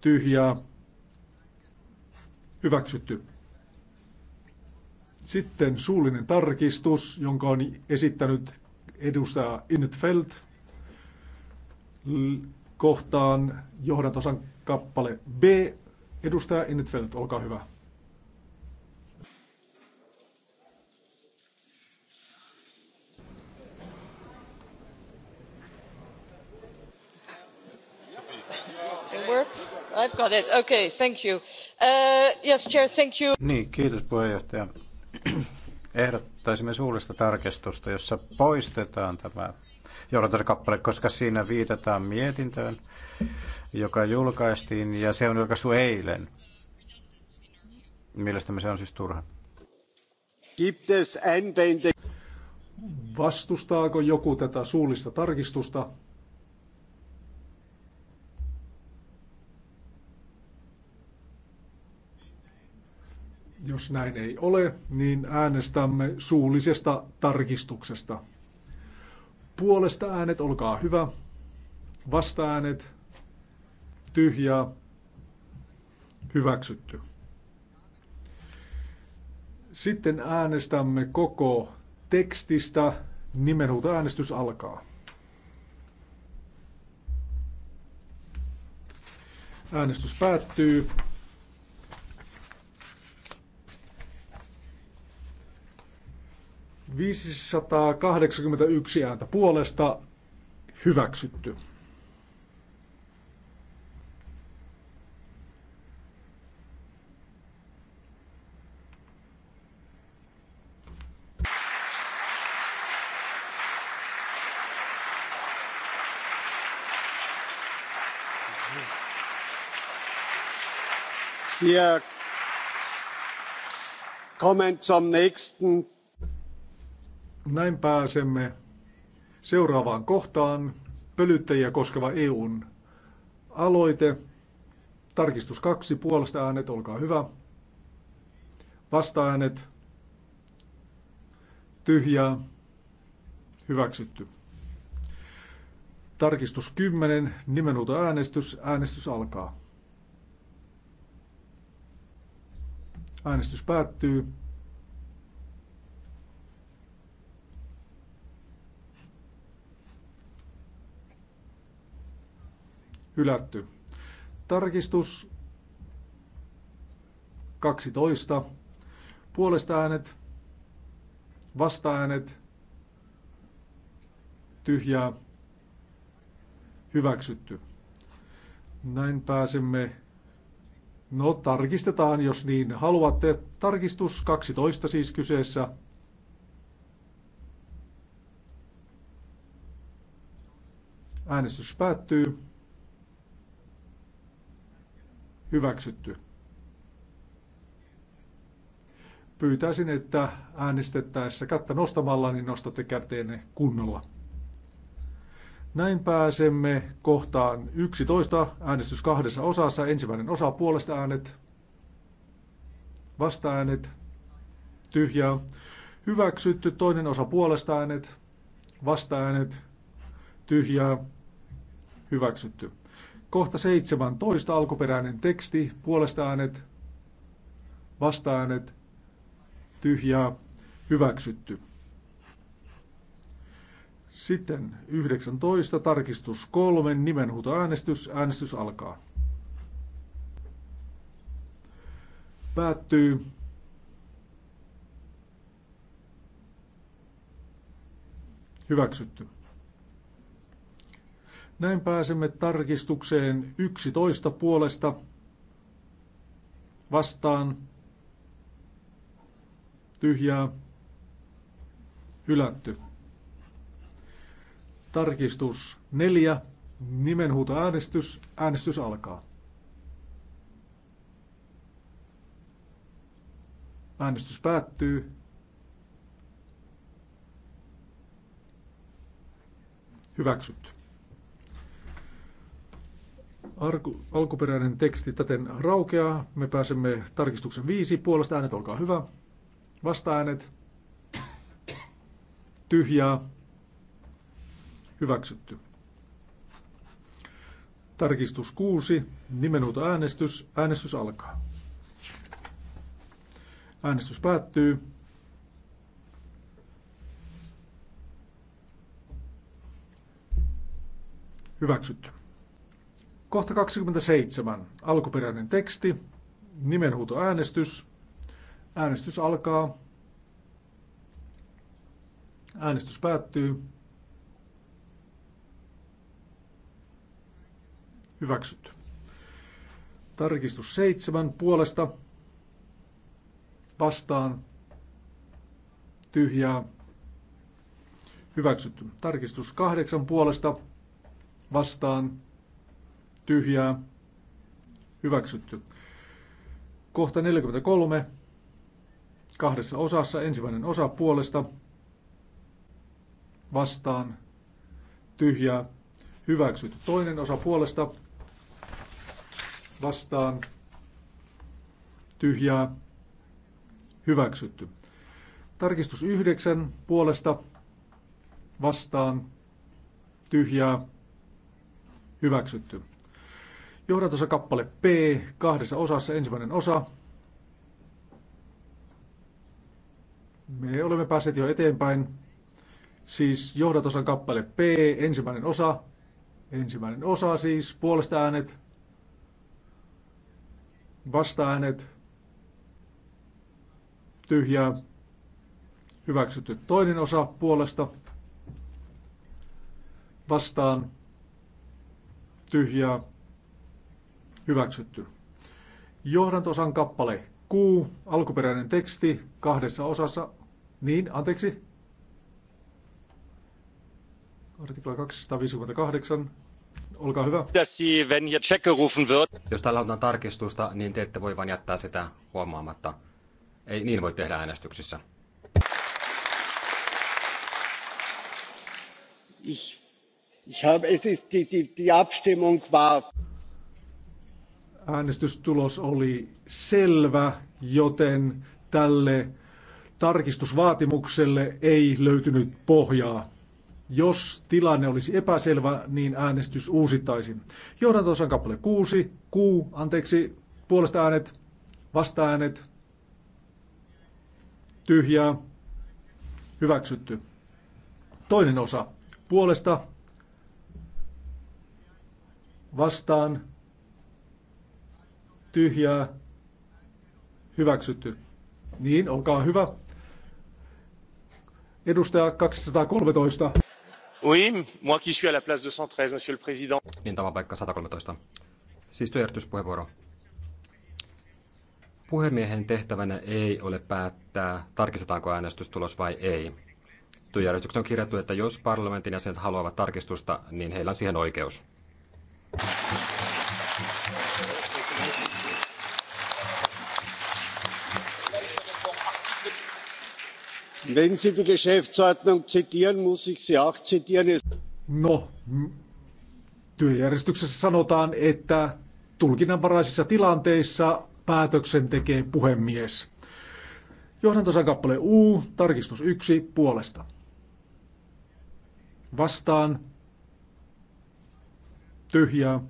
tyhjää, hyväksytty. Sitten suullinen tarkistus, jonka on esittänyt edustaja Innetfeld kohtaan johdantosan kappale B. Edustaja Innetfeld, olkaa hyvä. puhemies Niin, kiitos puheenjohtaja. Ehdottaisimme suullista tarkistusta, jossa poistetaan tämä johdantokappale, koska siinä viitataan mietintöön, joka julkaistiin ja se on julkaistu eilen. Mielestämme se on siis turha. Vastustaako joku tätä suullista tarkistusta? Jos näin ei ole, niin äänestämme suullisesta tarkistuksesta. Puolesta äänet, olkaa hyvä. Vasta äänet, tyhjää, hyväksytty. Sitten äänestämme koko tekstistä. Nimenhuuto äänestys alkaa. Äänestys päättyy. 581 ääntä puolesta hyväksytty. Wir kommen zum nächsten näin pääsemme seuraavaan kohtaan. Pölyttäjiä koskeva EUn aloite. Tarkistus kaksi, puolesta äänet, olkaa hyvä. Vasta-äänet, tyhjää, hyväksytty. Tarkistus 10, nimenuuto äänestys, äänestys alkaa. Äänestys päättyy. hylätty. Tarkistus 12. Puolesta äänet, vasta äänet, tyhjää, hyväksytty. Näin pääsemme. No, tarkistetaan, jos niin haluatte. Tarkistus 12 siis kyseessä. Äänestys päättyy. Hyväksytty. Pyytäisin, että äänestettäessä kättä nostamalla, niin nostatte käteenne kunnolla. Näin pääsemme kohtaan 11. Äänestys kahdessa osassa. Ensimmäinen osa puolesta äänet, vasta äänet tyhjää. Hyväksytty toinen osa puolesta äänet, vasta äänet tyhjää, hyväksytty. Kohta 17 alkuperäinen teksti, puolesta äänet, vasta äänet, tyhjää, hyväksytty. Sitten 19, tarkistus 3, nimenhuutoäänestys, äänestys alkaa. Päättyy. Hyväksytty. Näin pääsemme tarkistukseen 11 puolesta vastaan tyhjää hylätty. Tarkistus 4. äänestys. Äänestys alkaa. Äänestys päättyy. Hyväksytty. Arku, alkuperäinen teksti täten raukeaa. Me pääsemme tarkistuksen viisi. Puolesta äänet, olkaa hyvä. Vasta-äänet. Tyhjää. Hyväksytty. Tarkistus 6. Nimenuuta äänestys. Äänestys alkaa. Äänestys päättyy. Hyväksytty. Kohta 27. Alkuperäinen teksti. Nimenhuuto Äänestys alkaa. Äänestys päättyy. Hyväksytty. Tarkistus 7 puolesta vastaan tyhjää. Hyväksytty. Tarkistus 8 puolesta vastaan tyhjää, hyväksytty. Kohta 43, kahdessa osassa, ensimmäinen osa puolesta, vastaan, tyhjää, hyväksytty. Toinen osa puolesta, vastaan, tyhjää, hyväksytty. Tarkistus 9 puolesta, vastaan, tyhjää, hyväksytty. Johdatossa kappale P kahdessa osassa, ensimmäinen osa. Me olemme päässeet jo eteenpäin. Siis johdatosan kappale P, ensimmäinen osa. Ensimmäinen osa siis, puolesta äänet, vasta äänet, tyhjää, hyväksytty toinen osa puolesta, vastaan, tyhjää, Hyväksytty. Johdantosan kappale Q, alkuperäinen teksti kahdessa osassa. Niin, anteeksi. Artikla 258. Olkaa hyvä. Jos täällä on tarkistusta, niin te ette voi vain jättää sitä huomaamatta. Ei niin voi tehdä äänestyksissä. Ich, ich habe, es ist die, die, die Abstimmung war. Äänestystulos oli selvä, joten tälle tarkistusvaatimukselle ei löytynyt pohjaa. Jos tilanne olisi epäselvä, niin äänestys uusittaisiin. Johdantosan kappale 6, Q, anteeksi, puolesta äänet, vasta äänet, tyhjää, hyväksytty. Toinen osa, puolesta, vastaan, tyhjää, hyväksytty. Niin, olkaa hyvä. Edustaja 213. Oui, moi qui suis à la place 213, monsieur le président. Niin tämä paikka 113. Siis työjärjestyspuheenvuoro. Puhemiehen tehtävänä ei ole päättää, tarkistetaanko äänestystulos vai ei. Työjärjestyksessä on kirjattu, että jos parlamentin jäsenet haluavat tarkistusta, niin heillä on siihen oikeus. Wenn Sie die Geschäftsordnung zitieren, muss ich Sie auch zitieren. No, työjärjestyksessä sanotaan, että tulkinnanvaraisissa tilanteissa päätöksen tekee puhemies. Johdantosan kappale U, tarkistus 1, puolesta. Vastaan. Tyhjää.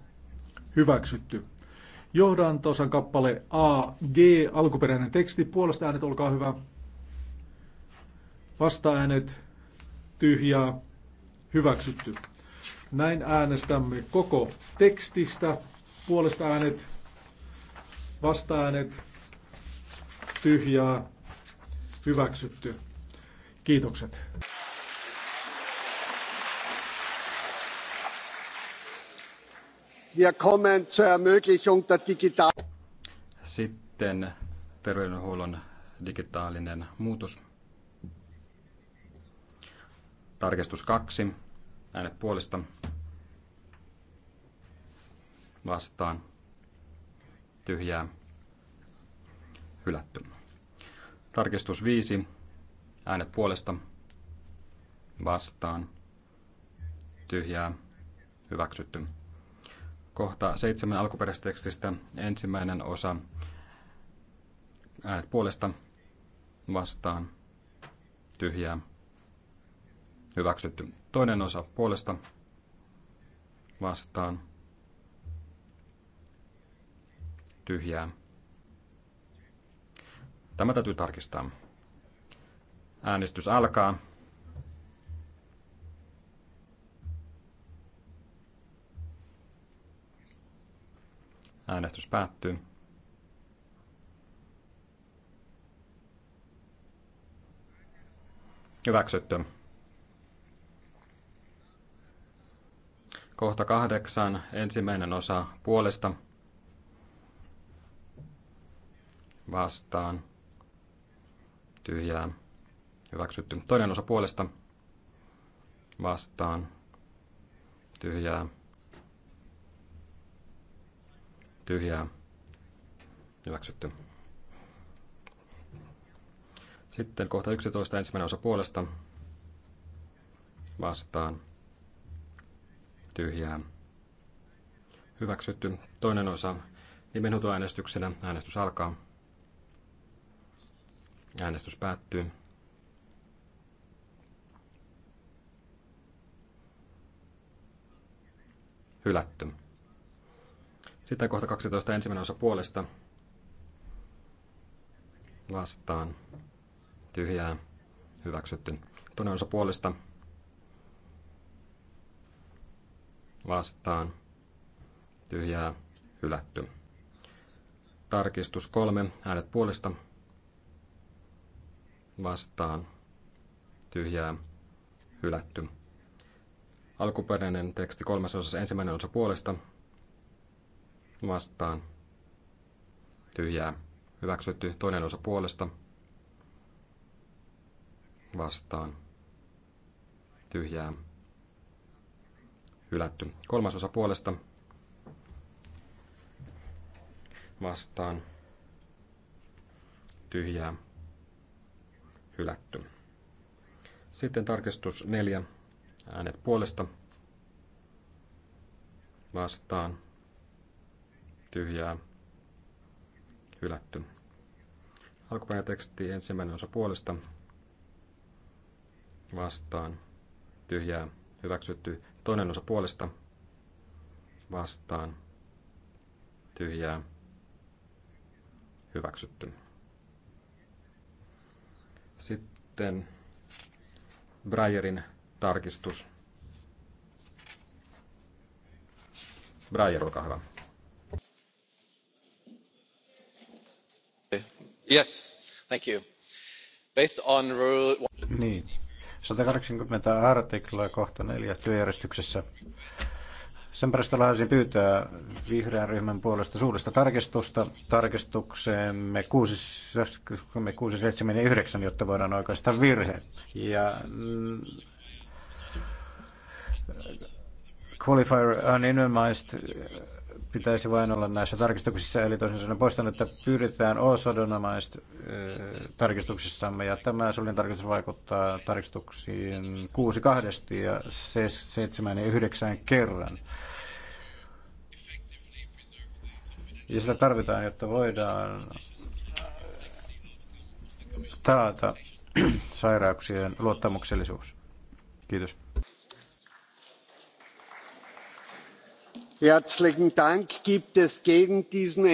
Hyväksytty. Johdantosan kappale A, G, alkuperäinen teksti, puolesta äänet, olkaa hyvä. Vastaäänet tyhjää hyväksytty. Näin äänestämme koko tekstistä. Puolesta äänet, vastaäänet, tyhjää, hyväksytty. Kiitokset. Wir kommen zur Ermöglichung der digital Sitten terveydenhuollon digitaalinen muutos. Tarkistus 2. Äänet puolesta vastaan tyhjää hylätty. Tarkistus 5. Äänet puolesta vastaan tyhjää hyväksytty. Kohta seitsemän alkuperäistekstistä ensimmäinen osa äänet puolesta vastaan tyhjää Hyväksytty. Toinen osa puolesta vastaan. Tyhjää. Tämä täytyy tarkistaa. Äänestys alkaa. Äänestys päättyy. Hyväksytty. Kohta kahdeksan, ensimmäinen osa puolesta vastaan tyhjää hyväksytty. Toinen osa puolesta vastaan tyhjää tyhjää hyväksytty. Sitten kohta 11 ensimmäinen osa puolesta vastaan tyhjää hyväksytty. Toinen osa nimenhuutoäänestyksenä. Äänestys alkaa. Äänestys päättyy. Hylätty. Sitten kohta 12 ensimmäinen osa puolesta. Vastaan. Tyhjää. Hyväksytty. Toinen osa puolesta vastaan tyhjää hylätty. Tarkistus kolme, äänet puolesta vastaan tyhjää hylätty. Alkuperäinen teksti kolmas osassa ensimmäinen osa puolesta vastaan tyhjää hyväksytty toinen osa puolesta vastaan tyhjää hylätty. osa puolesta vastaan tyhjää hylätty. Sitten tarkistus neljä äänet puolesta vastaan tyhjää hylätty. teksti ensimmäinen osa puolesta vastaan tyhjää hyväksytty. Toinen osa puolesta vastaan tyhjää hyväksytty. Sitten Breyerin tarkistus. Breyer, olkaa hyvä. Yes, thank you. Based on rule... Niin, 180 artiklaa kohta neljä työjärjestyksessä. Sen perästä haluaisin pyytää vihreän ryhmän puolesta suuresta tarkistusta tarkistukseemme 6, 6 7 ja 9, jotta voidaan oikeastaan virhe. Ja mm, qualifier unanimized pitäisi vain olla näissä tarkistuksissa, eli toisin sanoen poistan, että pyydetään osodonomaiset tarkistuksissamme, ja tämä suullinen tarkistus vaikuttaa tarkistuksiin 6 kahdesti ja 7 ja 9 kerran. Ja sitä tarvitaan, jotta voidaan taata sairauksien luottamuksellisuus. Kiitos. Herzlichen Dank. Gibt es gegen diesen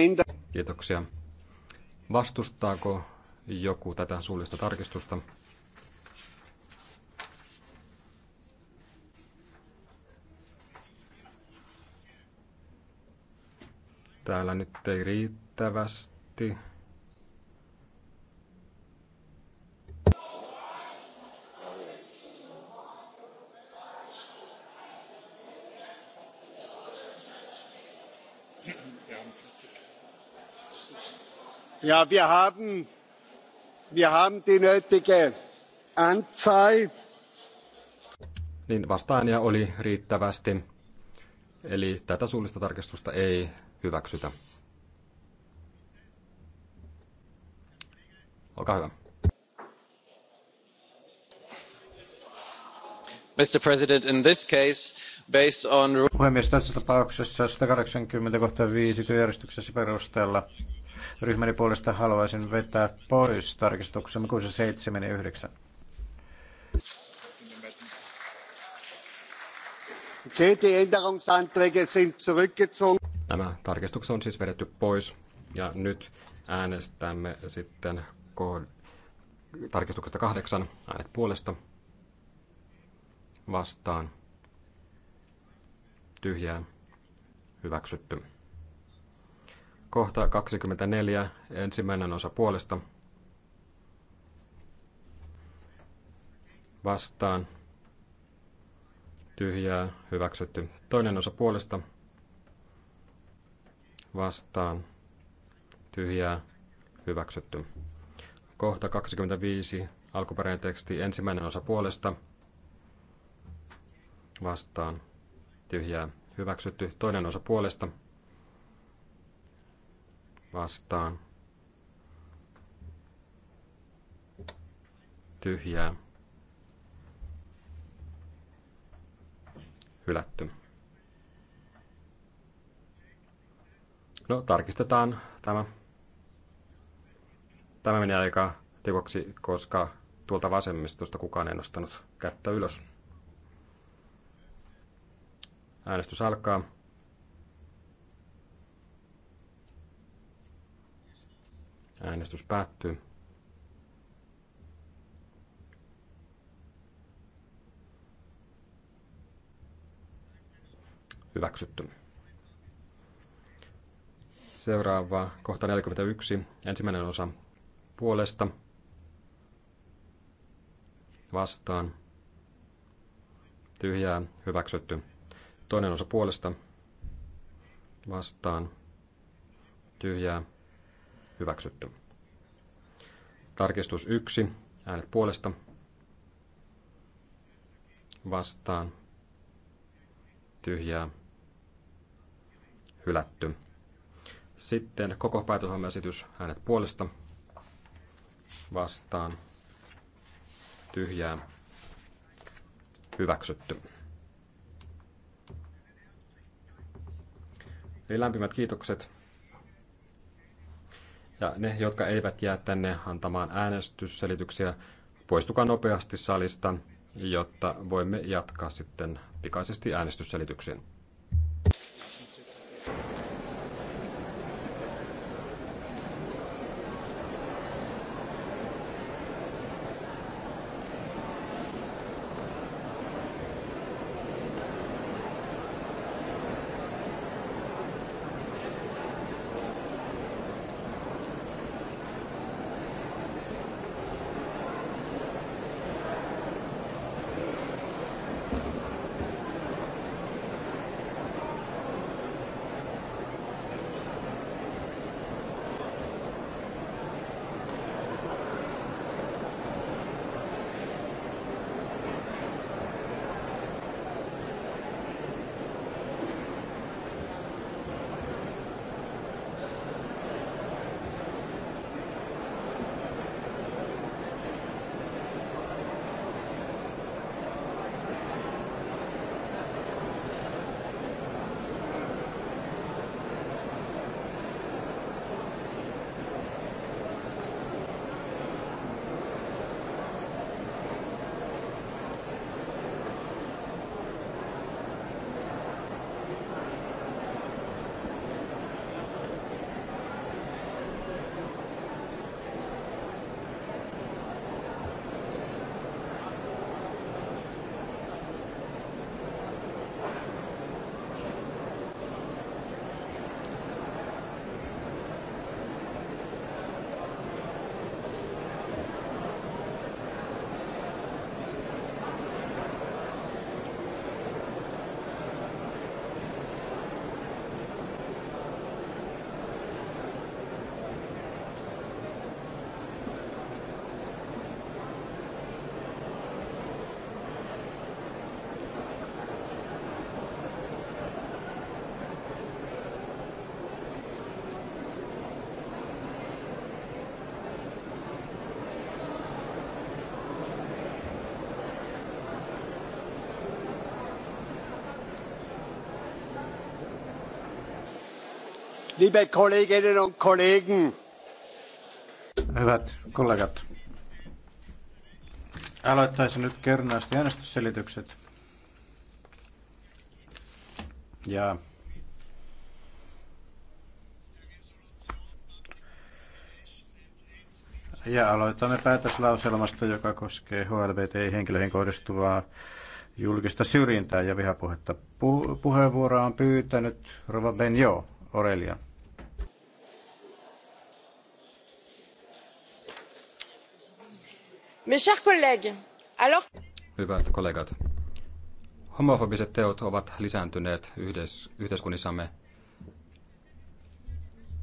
Kiitoksia. Vastustaako joku tätä suullista tarkistusta? Täällä nyt ei riittävästi ja wir haben die nötige Anzahl. Niin vastaajia oli riittävästi. Eli tätä suullista tarkistusta ei hyväksytä. Olkaa hyvä. Mr. President, in this case, based on... Puhemies, tässä tapauksessa 5 työjärjestyksessä perusteella Ryhmäni puolesta haluaisin vetää pois tarkistuksen 67 ja 9. Okay, die Änderungsanträge sind zurückgezogen. Nämä tarkistukset on siis vedetty pois ja nyt äänestämme sitten tarkistuksesta kahdeksan äänet puolesta vastaan tyhjää hyväksytty. Kohta 24, ensimmäinen osa puolesta. Vastaan. Tyhjää, hyväksytty. Toinen osa puolesta. Vastaan. Tyhjää, hyväksytty. Kohta 25, alkuperäinen teksti, ensimmäinen osa puolesta. Vastaan. Tyhjää, hyväksytty. Toinen osa puolesta vastaan tyhjää hylätty. No, tarkistetaan tämä. Tämä meni aika tekoksi, koska tuolta vasemmistosta kukaan ei nostanut kättä ylös. Äänestys alkaa. Äänestys päättyy. Hyväksytty. Seuraava kohta 41, ensimmäinen osa puolesta vastaan tyhjää hyväksytty. Toinen osa puolesta vastaan tyhjää Hyväksytty. Tarkistus 1. Äänet puolesta. Vastaan. Tyhjää. Hylätty. Sitten koko päätöshoimaesitys. Äänet puolesta. Vastaan. Tyhjää. Hyväksytty. Eli lämpimät kiitokset ja ne, jotka eivät jää tänne antamaan äänestysselityksiä, poistukaa nopeasti salista, jotta voimme jatkaa sitten pikaisesti äänestysselityksiin. Liebe Kolleginnen und Kollegen. Hyvät kollegat, aloittaisin nyt kernaasti äänestysselitykset. Ja Ja aloitamme päätöslauselmasta, joka koskee HLBTI-henkilöihin kohdistuvaa julkista syrjintää ja vihapuhetta. puheenvuoroa on pyytänyt Rova Benjo Aurelia. Hyvät kollegat, homofobiset teot ovat lisääntyneet yhteiskunnissamme.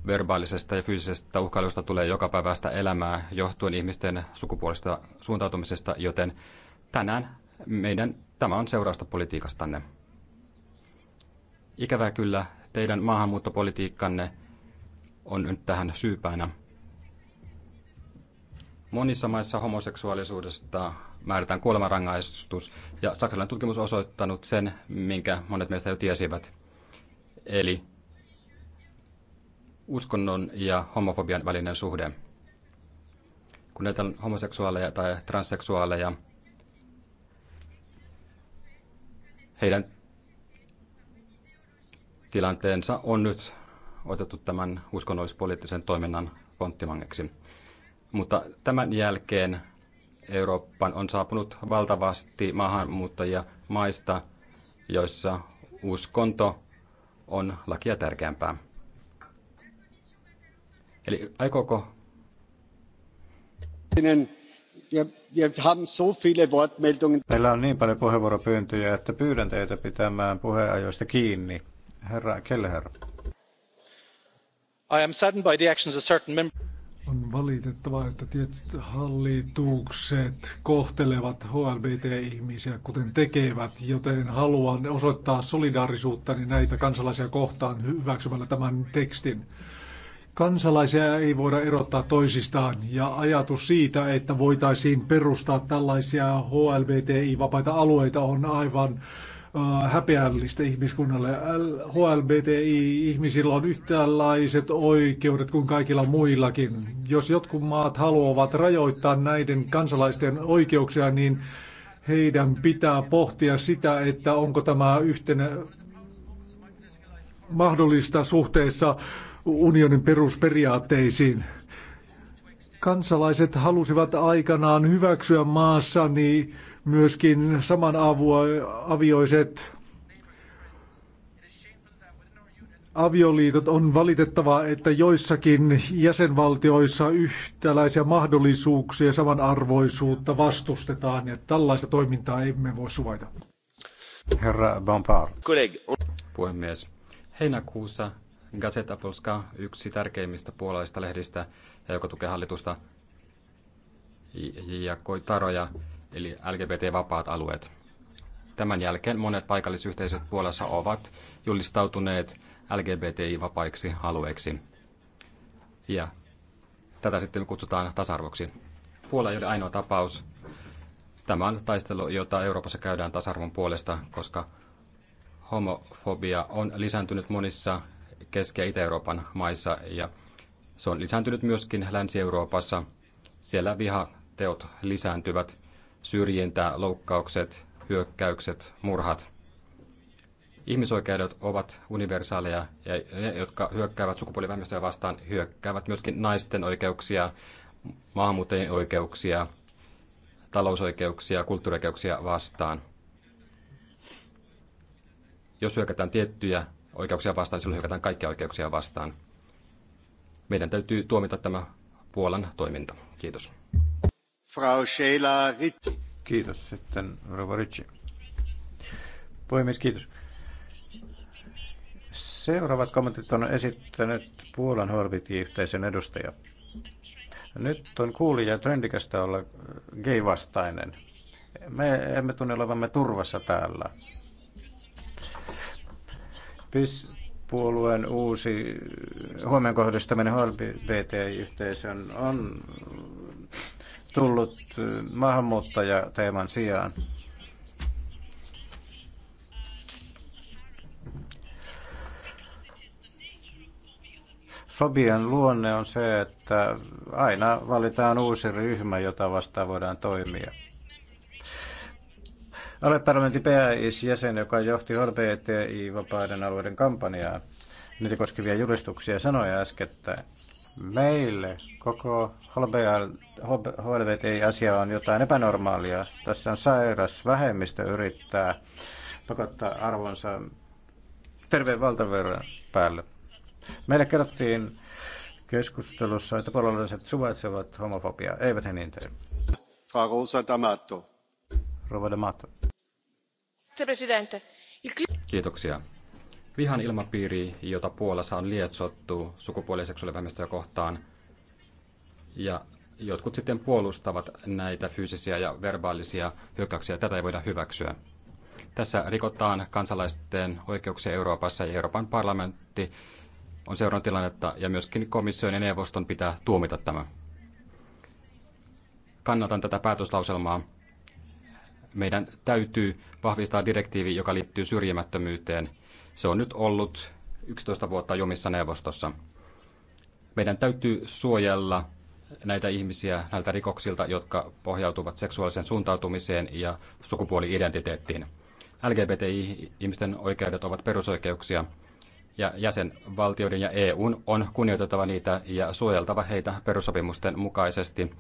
Verbaalisesta ja fyysisestä uhkailusta tulee joka päivästä elämää johtuen ihmisten sukupuolista suuntautumisesta, joten tänään meidän tämä on seurausta politiikastanne. Ikävää kyllä, teidän maahanmuuttopolitiikkanne on nyt tähän syypäänä. Monissa maissa homoseksuaalisuudesta määrätään kuolemanrangaistus, ja saksalainen tutkimus on osoittanut sen, minkä monet meistä jo tiesivät. Eli uskonnon ja homofobian välinen suhde. Kun näitä on homoseksuaaleja tai transseksuaaleja, heidän tilanteensa on nyt otettu tämän uskonnollispoliittisen toiminnan ponttimangeksi. Mutta tämän jälkeen Eurooppaan on saapunut valtavasti maahanmuuttajia maista, joissa uskonto on lakia tärkeämpää. Eli aikooko Meillä on niin paljon puheenvuoropyyntöjä, että pyydän teitä pitämään puheajoista kiinni. Herra Kelleher. I am saddened by the actions of certain members. On valitettavaa, että tietyt hallitukset kohtelevat HLBT-ihmisiä kuten tekevät, joten haluan osoittaa solidaarisuuttani näitä kansalaisia kohtaan hyväksymällä tämän tekstin. Kansalaisia ei voida erottaa toisistaan ja ajatus siitä, että voitaisiin perustaa tällaisia HLBTI-vapaita alueita on aivan Äh, häpeällistä ihmiskunnalle. HLBTI-ihmisillä on yhtäänlaiset oikeudet kuin kaikilla muillakin. Jos jotkut maat haluavat rajoittaa näiden kansalaisten oikeuksia, niin heidän pitää pohtia sitä, että onko tämä yhtenä mahdollista suhteessa unionin perusperiaatteisiin. Kansalaiset halusivat aikanaan hyväksyä maassa niin myöskin saman avioiset. avioliitot. On valitettavaa, että joissakin jäsenvaltioissa yhtäläisiä mahdollisuuksia ja samanarvoisuutta vastustetaan ja tällaista toimintaa emme voi suvaita. Herra Bompard. Puhemies. Heinäkuussa Gazeta Polska, yksi tärkeimmistä puolalaisista lehdistä, ja joka tukee hallitusta, ja Koitaroja, eli LGBT-vapaat alueet. Tämän jälkeen monet paikallisyhteisöt Puolassa ovat julistautuneet LGBTI-vapaiksi alueiksi. Ja tätä sitten kutsutaan tasa-arvoksi. Puola ei ole ainoa tapaus. Tämä on taistelu, jota Euroopassa käydään tasa-arvon puolesta, koska homofobia on lisääntynyt monissa Keski- ja Itä-Euroopan maissa ja se on lisääntynyt myöskin Länsi-Euroopassa. Siellä vihateot lisääntyvät, syrjintä, loukkaukset, hyökkäykset, murhat. Ihmisoikeudet ovat universaaleja ja ne, jotka hyökkäävät sukupuolivähemmistöjä vastaan, hyökkäävät myöskin naisten oikeuksia, maahanmuuttajien oikeuksia, talousoikeuksia, kulttuurioikeuksia vastaan. Jos hyökätään tiettyjä oikeuksia vastaan, silloin hyökätään kaikkia oikeuksia vastaan. Meidän täytyy tuomita tämä Puolan toiminta. Kiitos. Frau Sheila Ritchie. Kiitos. Sitten Rova Ritchie. Puhemies, kiitos. Seuraavat kommentit on esittänyt Puolan HLBT-yhteisön edustaja. Nyt on kuulija trendikästä olla gay-vastainen. Me emme tunne olevamme turvassa täällä. PIS-puolueen uusi huomioon kohdistaminen HLBT-yhteisön on tullut maahanmuuttajateeman sijaan. Fobian luonne on se, että aina valitaan uusi ryhmä, jota vastaan voidaan toimia. Alueparlamentin PAIS-jäsen, joka johti hbti vapaiden alueiden kampanjaa, niitä koskevia julistuksia, sanoi äskettäin, meille koko HLBTI-asia on jotain epänormaalia. Tässä on sairas vähemmistö yrittää pakottaa arvonsa terveen valtaverran päälle. Meille kerrottiin keskustelussa, että puolalaiset suvaitsevat homofobiaa. Eivät he niin tee. Frau Rosa D'Amato. Rova D'Amato. Kiitoksia. Vihan ilmapiiri, jota Puolassa on lietsottu sukupuoli- ja seksuaalivähemmistöjä kohtaan, ja jotkut sitten puolustavat näitä fyysisiä ja verbaalisia hyökkäyksiä. Tätä ei voida hyväksyä. Tässä rikotaan kansalaisten oikeuksia Euroopassa ja Euroopan parlamentti on seurannut tilannetta ja myöskin komission ja neuvoston pitää tuomita tämä. Kannatan tätä päätöslauselmaa meidän täytyy vahvistaa direktiivi, joka liittyy syrjimättömyyteen. Se on nyt ollut 11 vuotta jumissa neuvostossa. Meidän täytyy suojella näitä ihmisiä näiltä rikoksilta, jotka pohjautuvat seksuaaliseen suuntautumiseen ja sukupuoli-identiteettiin. LGBTI-ihmisten oikeudet ovat perusoikeuksia, ja jäsenvaltioiden ja EUn on kunnioitettava niitä ja suojeltava heitä perussopimusten mukaisesti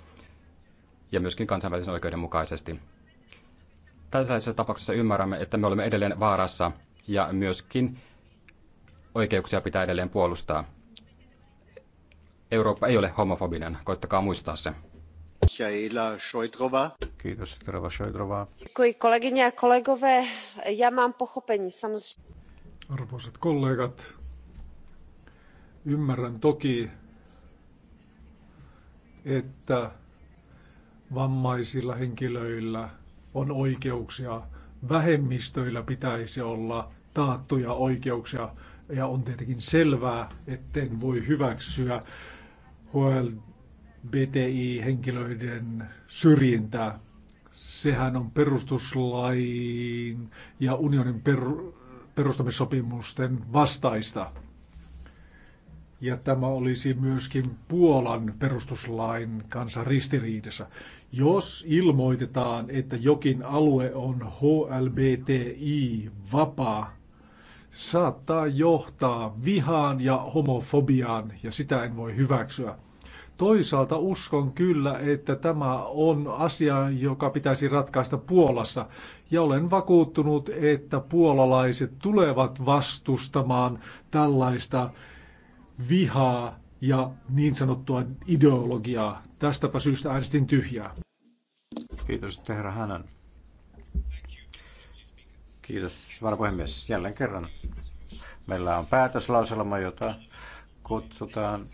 ja myöskin kansainvälisen oikeuden mukaisesti. Tällaisessa tapauksessa ymmärrämme, että me olemme edelleen vaarassa ja myöskin oikeuksia pitää edelleen puolustaa. Eurooppa ei ole homofobinen, koittakaa muistaa se. Kiitos, Trova Shoidrova. Kolegyně a ja já mám Arvoisat kollegat, ymmärrän toki, että vammaisilla henkilöillä – on oikeuksia, vähemmistöillä pitäisi olla taattuja oikeuksia. Ja on tietenkin selvää, etten voi hyväksyä HLBTI-henkilöiden syrjintää. Sehän on perustuslain ja unionin per- perustamissopimusten vastaista. Ja tämä olisi myöskin Puolan perustuslain kanssa ristiriidassa. Jos ilmoitetaan, että jokin alue on HLBTI-vapaa, saattaa johtaa vihaan ja homofobiaan, ja sitä en voi hyväksyä. Toisaalta uskon kyllä, että tämä on asia, joka pitäisi ratkaista Puolassa. Ja olen vakuuttunut, että puolalaiset tulevat vastustamaan tällaista vihaa ja niin sanottua ideologiaa. Tästäpä syystä äänestin tyhjää. Kiitos, herra Hänen. Kiitos, varapuhemies. Jälleen kerran meillä on päätöslauselma, jota kutsutaan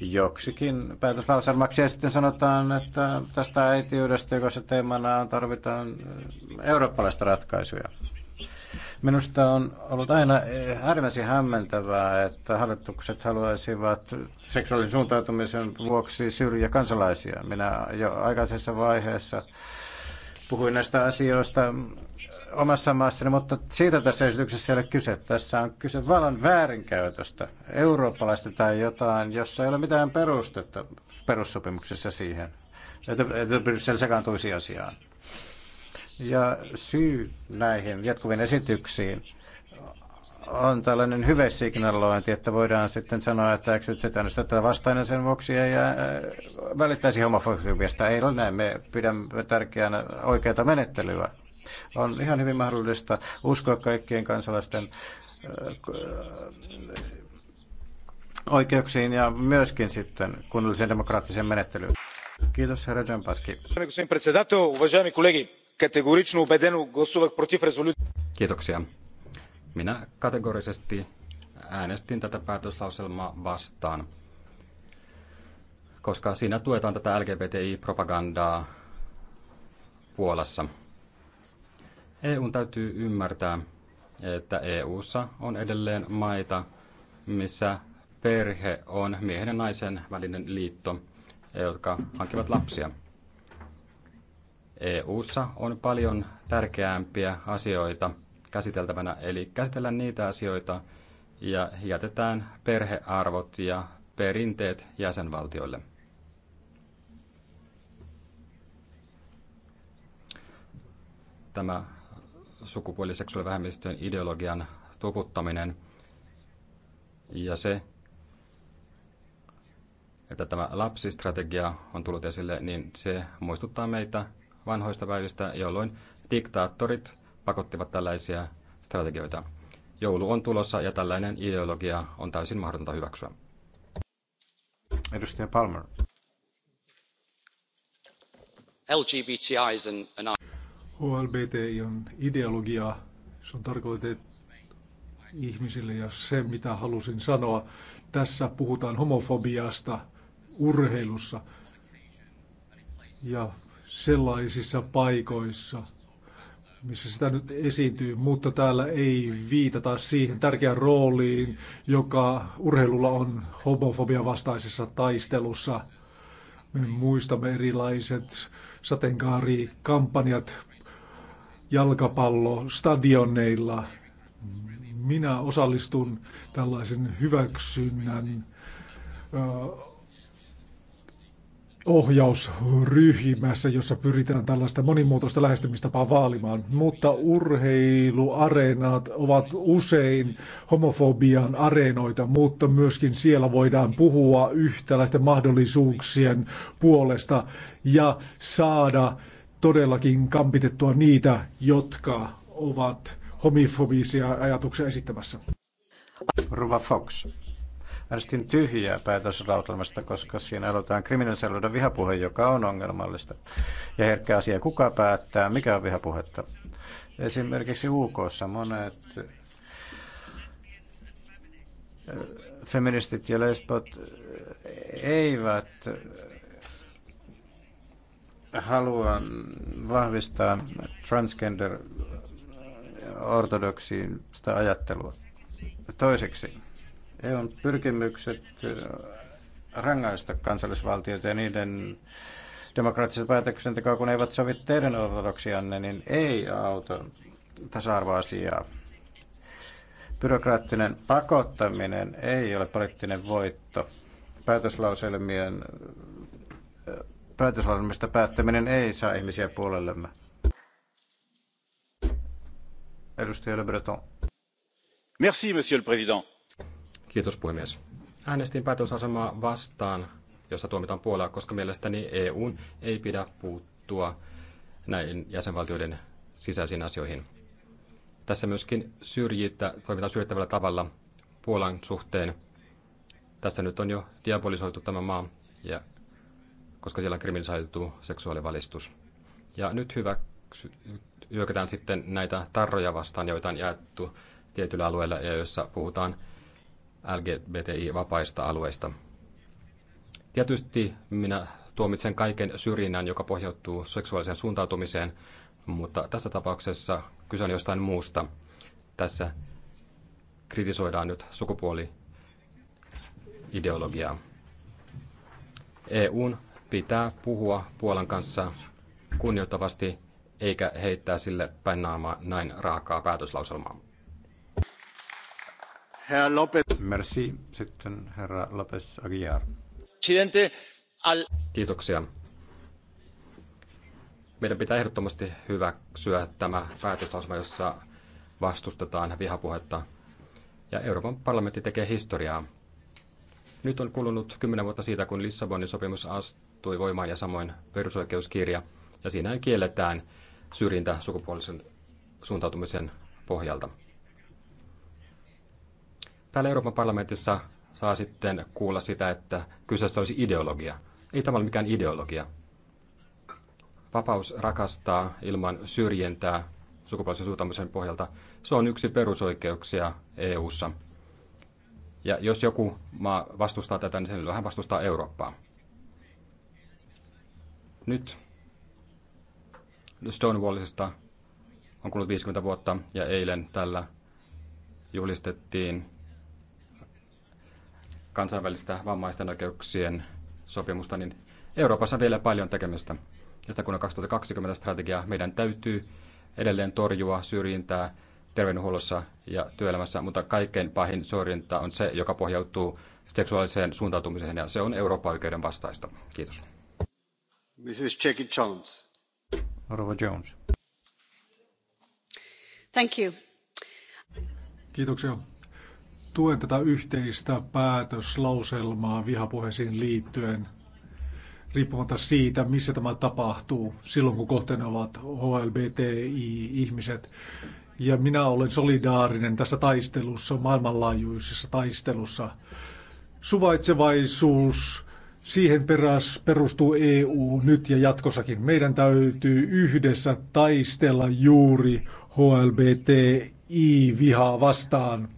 joksikin päätöslauselmaksi ja sitten sanotaan, että tästä äitiydestä, joka se teemana on, tarvitaan eurooppalaista ratkaisuja. Minusta on ollut aina eh, äärimmäisen hämmentävää, että hallitukset haluaisivat seksuaalisen suuntautumisen vuoksi syrjiä kansalaisia. Minä jo aikaisessa vaiheessa puhuin näistä asioista omassa maassani, mutta siitä tässä esityksessä ei ole kyse. Tässä on kyse vallan väärinkäytöstä, eurooppalaista tai jotain, jossa ei ole mitään perustetta perussopimuksessa siihen, että Bryssel sekaantuisi asiaan. Ja syy näihin jatkuviin esityksiin on tällainen hyvä signalointi, että voidaan sitten sanoa, että eksytset äänestetään vastainen sen vuoksi ja välittäisi homofobiasta. Ei ole näin, me pidämme tärkeänä oikeata menettelyä. On ihan hyvin mahdollista uskoa kaikkien kansalaisten oikeuksiin ja myöskin sitten kunnallisen demokraattisen menettelyyn. Kiitos, herra Jampaski. Kategorično ubedeno glasovak protiv rezolucije. Kiitoksia. Minä kategorisesti äänestin tätä päätöslauselmaa vastaan, koska siinä tuetaan tätä LGBTI-propagandaa Puolassa. EUn täytyy ymmärtää, että EUssa on edelleen maita, missä perhe on miehen ja naisen välinen liitto, jotka hankivat lapsia. EU:ssa on paljon tärkeämpiä asioita käsiteltävänä, eli käsitellään niitä asioita ja jätetään perhearvot ja perinteet jäsenvaltioille. Tämä sukupuoliseksuaalivähemmistöjen ideologian tuputtaminen ja se, että tämä lapsistrategia on tullut esille, niin se muistuttaa meitä vanhoista päivistä, jolloin diktaattorit pakottivat tällaisia strategioita. Joulu on tulossa ja tällainen ideologia on täysin mahdotonta hyväksyä. Edustaja Palmer. HLBTI on ideologia, se on tarkoitettu ihmisille ja se, mitä halusin sanoa. Tässä puhutaan homofobiasta urheilussa ja sellaisissa paikoissa, missä sitä nyt esiintyy, mutta täällä ei viitata siihen tärkeään rooliin, joka urheilulla on homofobia vastaisessa taistelussa. Me muistamme erilaiset sateenkaarikampanjat jalkapallo stadioneilla. Minä osallistun tällaisen hyväksynnän ohjausryhmässä, jossa pyritään tällaista monimuotoista lähestymistapaa vaalimaan, mutta urheiluareenat ovat usein homofobian areenoita, mutta myöskin siellä voidaan puhua yhtäläisten mahdollisuuksien puolesta ja saada todellakin kampitettua niitä, jotka ovat homofobisia ajatuksia esittämässä. Rova Fox. Äänestin tyhjää päätöslautelmasta, koska siinä aloitetaan kriminalisoida vihapuhe, joka on ongelmallista. Ja herkkä asia, kuka päättää, mikä on vihapuhetta. Esimerkiksi uk monet äh, feministit ja lesbot eivät halua vahvistaa transgender ortodoksista ajattelua. Toiseksi EUn pyrkimykset äh, rangaista kansallisvaltioita ja niiden demokraattista päätöksentekoa, kun eivät sovi teidän ortodoksianne, niin ei auta tasa-arvoasiaa. Byrokraattinen pakottaminen ei ole poliittinen voitto. Päätöslauselmien, äh, päätöslauselmista päättäminen ei saa ihmisiä puolellemme. Edustaja Le Breton. Merci, monsieur le président Kiitos puhemies. Äänestin päätösasemaa vastaan, jossa tuomitaan Puolaa, koska mielestäni EU ei pidä puuttua näin jäsenvaltioiden sisäisiin asioihin. Tässä myöskin syrjittä, toimitaan syrjittävällä tavalla Puolan suhteen. Tässä nyt on jo diabolisoitu tämä maa, ja, koska siellä on kriminalisoitu seksuaalivalistus. Ja nyt hyvä hyökätään sitten näitä tarroja vastaan, joita on jaettu tietyllä alueella ja e joissa puhutaan LGBTI-vapaista alueista. Tietysti minä tuomitsen kaiken syrjinnän, joka pohjautuu seksuaaliseen suuntautumiseen, mutta tässä tapauksessa kyse on jostain muusta. Tässä kritisoidaan nyt sukupuoliideologiaa. EUn pitää puhua Puolan kanssa kunnioittavasti eikä heittää sille päin naamaa näin raakaa päätöslauselmaa arvoisa puhemies herra Lopez Kiitoksia. Meidän pitää ehdottomasti hyväksyä tämä päätöslauselma jossa vastustetaan vihapuhetta. Ja Euroopan parlamentti tekee historiaa. Nyt on kulunut kymmenen vuotta siitä, kun Lissabonin sopimus astui voimaan ja samoin perusoikeuskirja. Ja siinä kielletään syrjintä sukupuolisen suuntautumisen pohjalta täällä Euroopan parlamentissa saa sitten kuulla sitä, että kyseessä olisi ideologia. Ei tämä ole mikään ideologia. Vapaus rakastaa ilman syrjintää sukupuolisuutamisen pohjalta. Se on yksi perusoikeuksia EU:ssa. Ja jos joku maa vastustaa tätä, niin sen vähän vastustaa Eurooppaa. Nyt Stonewallista on kulunut 50 vuotta ja eilen tällä juhlistettiin kansainvälistä vammaisten oikeuksien sopimusta, niin Euroopassa on vielä paljon tekemistä. Ja sitä kun on 2020 strategiaa, meidän täytyy edelleen torjua syrjintää terveydenhuollossa ja työelämässä, mutta kaikkein pahin syrjintä on se, joka pohjautuu seksuaaliseen suuntautumiseen, ja se on Euroopan oikeuden vastaista. Kiitos. Mrs. Jackie Jones. Rova Jones. Thank you. Kiitoksia tuen tätä yhteistä päätöslauselmaa vihapuheisiin liittyen, riippumatta siitä, missä tämä tapahtuu, silloin kun kohteena ovat HLBTI-ihmiset. Ja minä olen solidaarinen tässä taistelussa, maailmanlaajuisessa taistelussa. Suvaitsevaisuus, siihen peräs perustuu EU nyt ja jatkossakin. Meidän täytyy yhdessä taistella juuri HLBTI-vihaa vastaan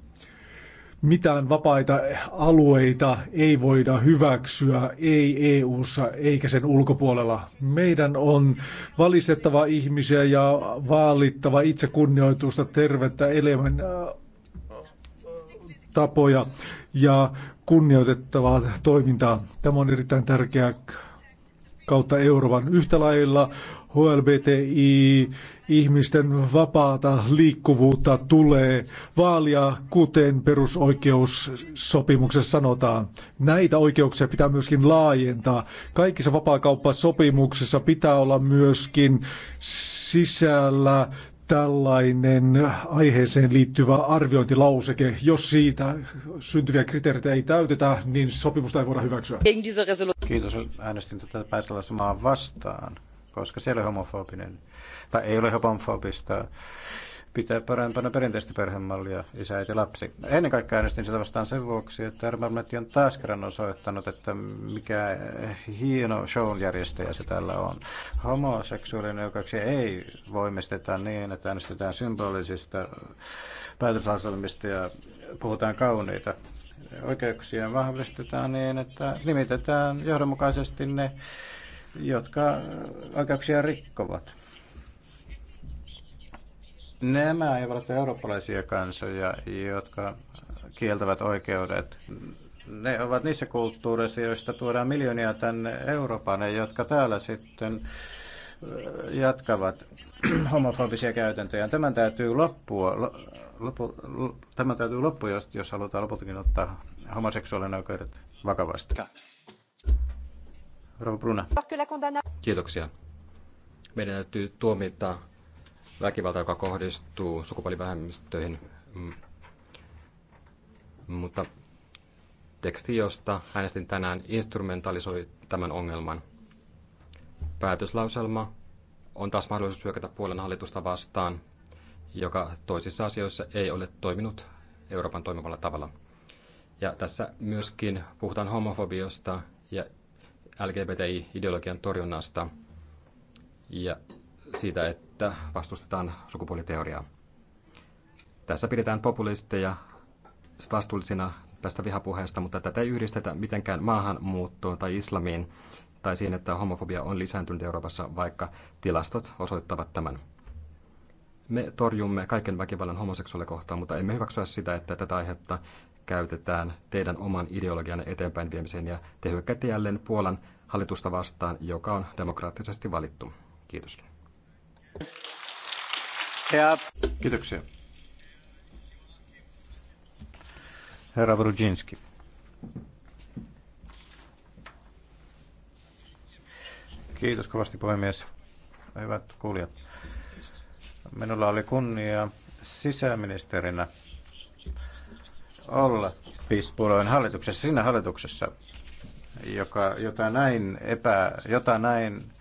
mitään vapaita alueita ei voida hyväksyä, ei EU:ssa eikä sen ulkopuolella. Meidän on valistettava ihmisiä ja vaalittava itsekunnioitusta, tervettä elämän äh, tapoja ja kunnioitettavaa toimintaa. Tämä on erittäin tärkeää kautta Euroopan yhtä lailla HLBTI ihmisten vapaata liikkuvuutta tulee vaalia, kuten perusoikeussopimuksessa sanotaan. Näitä oikeuksia pitää myöskin laajentaa. Kaikissa vapaakauppasopimuksissa pitää olla myöskin sisällä tällainen aiheeseen liittyvä arviointilauseke. Jos siitä syntyviä kriteereitä ei täytetä, niin sopimusta ei voida hyväksyä. Kiitos. Äänestin tätä päätöslausumaa vastaan, koska se ei ole homofobinen. Tai ei ole homofobista pitää parempana perinteistä perhemallia isä, äiti, lapsi. Ennen kaikkea äänestin sitä vastaan sen vuoksi, että Ermanetti on taas kerran osoittanut, että mikä hieno shown järjestäjä se tällä on. Homoseksuaalinen oikeuksia ei voimisteta niin, että äänestetään symbolisista päätöslauselmista ja puhutaan kauniita oikeuksia vahvistetaan niin, että nimitetään johdonmukaisesti ne, jotka oikeuksia rikkovat. Nämä eivät ole eurooppalaisia kansoja, jotka kieltävät oikeudet. Ne ovat niissä kulttuureissa, joista tuodaan miljoonia tänne Euroopan ja jotka täällä sitten jatkavat homofobisia käytäntöjä. Tämän täytyy loppua. Lopu, tämän täytyy loppua, jos, jos halutaan lopultakin ottaa homoseksuaalinen oikeudet vakavasti. Rova Bruna. Kiitoksia. Meidän täytyy tuomita väkivalta, joka kohdistuu sukupuolivähemmistöihin, mm. mutta teksti, josta äänestin tänään, instrumentalisoi tämän ongelman. Päätöslauselma on taas mahdollisuus hyökätä puolen hallitusta vastaan, joka toisissa asioissa ei ole toiminut Euroopan toimivalla tavalla. Ja tässä myöskin puhutaan homofobiosta ja LGBTI-ideologian torjunnasta. Ja siitä, että vastustetaan sukupuoliteoriaa. Tässä pidetään populisteja vastuullisina tästä vihapuheesta, mutta tätä ei yhdistetä mitenkään maahanmuuttoon tai islamiin tai siihen, että homofobia on lisääntynyt Euroopassa, vaikka tilastot osoittavat tämän. Me torjumme kaiken väkivallan homoseksuaaleja kohtaan, mutta emme hyväksyä sitä, että tätä aihetta käytetään teidän oman ideologianne eteenpäin viemiseen ja te hyökkäätte jälleen Puolan hallitusta vastaan, joka on demokraattisesti valittu. Kiitos. Kiitoksia. Herra Vrudzinski. Kiitos kovasti puhemies. Hyvät kuulijat. Minulla oli kunnia sisäministerinä olla piispuolueen hallituksessa, siinä hallituksessa, joka, jota näin, epä, jota näin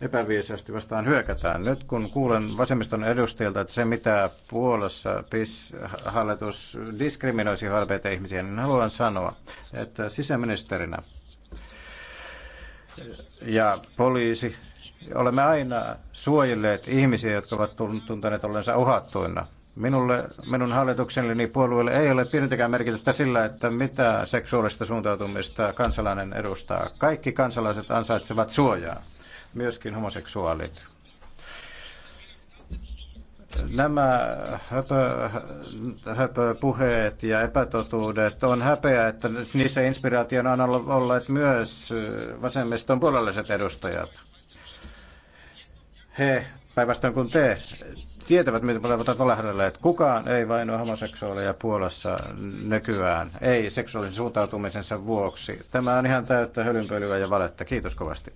epäviisaasti vastaan hyökätään. Nyt kun kuulen vasemmiston edustajilta, että se mitä Puolassa PIS hallitus diskriminoisi halpeita ihmisiä niin haluan sanoa, että sisäministerinä ja poliisi olemme aina suojelleet ihmisiä, jotka ovat tuntuneet olleensa uhattuina. Minulle, minun hallitukselleni niin puolueelle ei ole pienintäkään merkitystä sillä, että mitä seksuaalista suuntautumista kansalainen edustaa. Kaikki kansalaiset ansaitsevat suojaa myöskin homoseksuaalit. Nämä höpö, höpö puheet ja epätotuudet on häpeä, että niissä inspiraationa on olleet myös vasemmiston puolelliset edustajat. He päinvastoin kuin te, tietävät, mitä olevat valehdelleet. Kukaan ei vainoa homoseksuaaleja Puolassa nykyään, ei seksuaalisen suuntautumisensa vuoksi. Tämä on ihan täyttä hölynpölyä ja valetta. Kiitos kovasti.